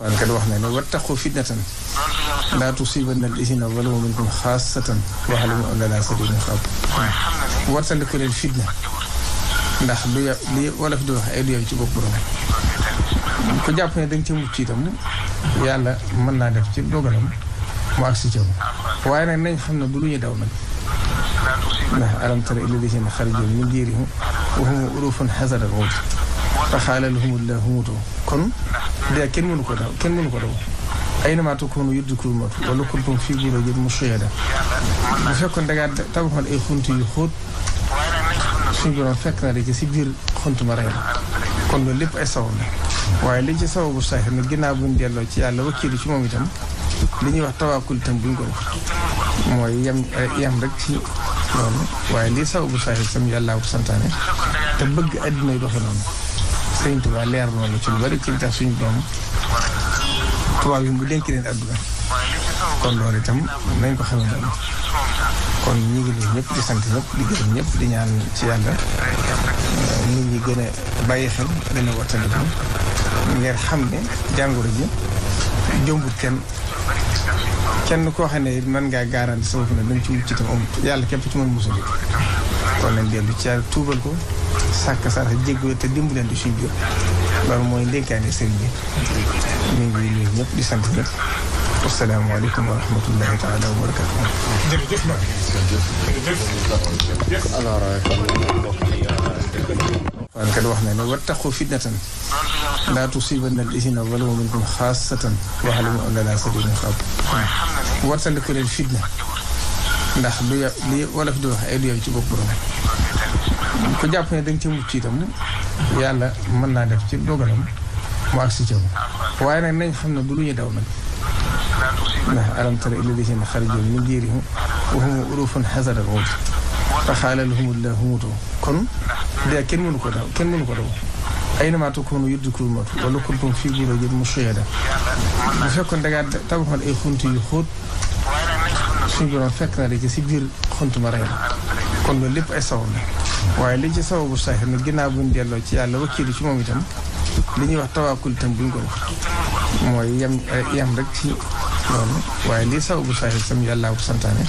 Alquraan wax na ne wattaqu fitnatan laa tusiibanna llaziina zalamu minkum xaassatan wa'lamu anna llaaha shadiidul iqaab wartandiku leen fitna ndax du ya li wolof di wax ay ci bopp borom ku jàpp ne da nga ci mucc yàlla mën naa def ci dogalam mu agsi ci waaye nag xam ne du lu daw nag ndax alam tara ilaa llaziina xarajuu min diyaarihim wa hum hazaral mawt فقال لهم الله موتوا كن ده كن منو كده كن منو كده aynama takunu yudrikul mawt walla kuntum fii buruujin mushayyada bu fekkoon da ngaa tabaxoon ay xunt yu xóot suñu fekk na rek si biir xunt ma rey kon loolu lépp ay sabab waaye li ci sababu saxir nag ginnaaw bu delloo ci yàlla wakkiilu ci moom itam li ñuy wax tawaakul itam buñ ko mooy yem rek ci loolu waaye li sababu saxir sam yàllaa ko santaane te bëgg adduna yi doxe noonu sëriñ Tuubaa leer na lu ci lu bari ci li suñu doom tubaab yi mu dénk leen adduna kon loolu itam lañ ko xamee noonu kon ñu ngi nuyu ñëpp di sant ñëpp di gërëm ñëpp di ñaan ci yàlla euh, nit ñi gën bàyyi xel gën a wattandiku ngeen xam ne jàngoro ji jombut kenn kenn koo xam ne mën ngaa garanti sa bopp ne dañ ci mucc itam amut yàlla képp ci mën musul kon nañ dellu ci yàlla tuubal ko sàkk sarax jéggoo te dimbalante suñu biir loolu mooy ndénkaane sëriñ bi ñu ngi nuyu ñëpp di sant ñëpp asalaamaaleykum wa rahmatullahi taala wa barakaatu jërëjëf waan kat wax na ne wattaqu fitnatan laa tusibanna allaziina zalamu minkum xaassatan wa'lamu anna llaaha shadiidul iqaab wartaliku leen fitna ndax lu ya li wolof di wax ay lu ci bopp borom ko jàpp ne da ci mucc itam yàlla mën naa def ci dogalam mu agsi ci waaye na nañ xam ne du lu ñu daw nag ndax alam tara ila lazina xaraju min diirihim wa hum urufun xasara al-mawt fa xaala lahum llahu mutu kon dee kenn mënu ko daw kenn mënu ko daw aynama takunu yudrikkumul mawt walaw kuntum fii buruujin mushayyada bu fekkoon da ngaa tabaxoon ay xunt yu xóot suñu borom fekk na de si biir xunt ma rey kon loolu lépp ay sabab la waaye li ci sababu saxir na ginnaaw buñ delloo ci yàlla wakkiilu ci moom itam li ñuy wax tawaakul itam buñ ko wax mooy yem yam rek ci loolu waaye lii sababu saxir sam yàllaa ko santaane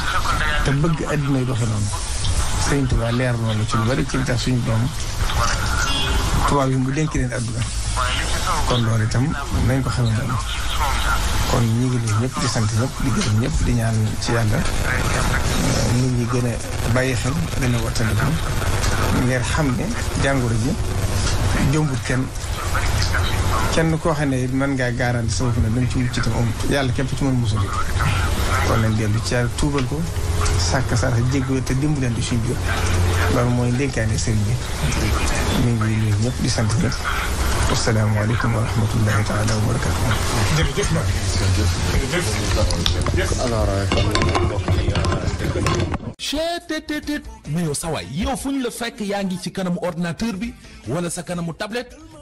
te bëgg addina doxe noonu Sëriñ Tuubaa leer noonu ci lu bari ci li suñu doom tubaab yi mu dénk leen adduna kon loolu itam nañ ko xamee noonu kon ñu ngi nuyu ñëpp di sant ñëpp di gërëm ñëpp di ñaan ci yàlla euh, nit ñi gën a bàyyi xel gën a wattandiku ngeen xam ne jàngoro ji jombut kenn kenn koo xam ne mën ngaa garanti sama fi ne dañ ci ci tam am yàlla képp ci mën musul kon nañ dellu ci yàlla tuubal ko sàkk sa jégg te dimbu leen di suñ biir loolu mooy ndénkaane sëriñ bi ñu ngi nuyu ñëpp di sant ñëpp asalaamaaleykum wa rahmatullahi taala wa barakaatu. jërëjëf Mbacke. jërëjëf jërëjëf. alors. chetetetet mais yow sa waay yow fu ñu la fekk yaa ngi ci kanamu ordinateur bi wala sa kanamu tablette.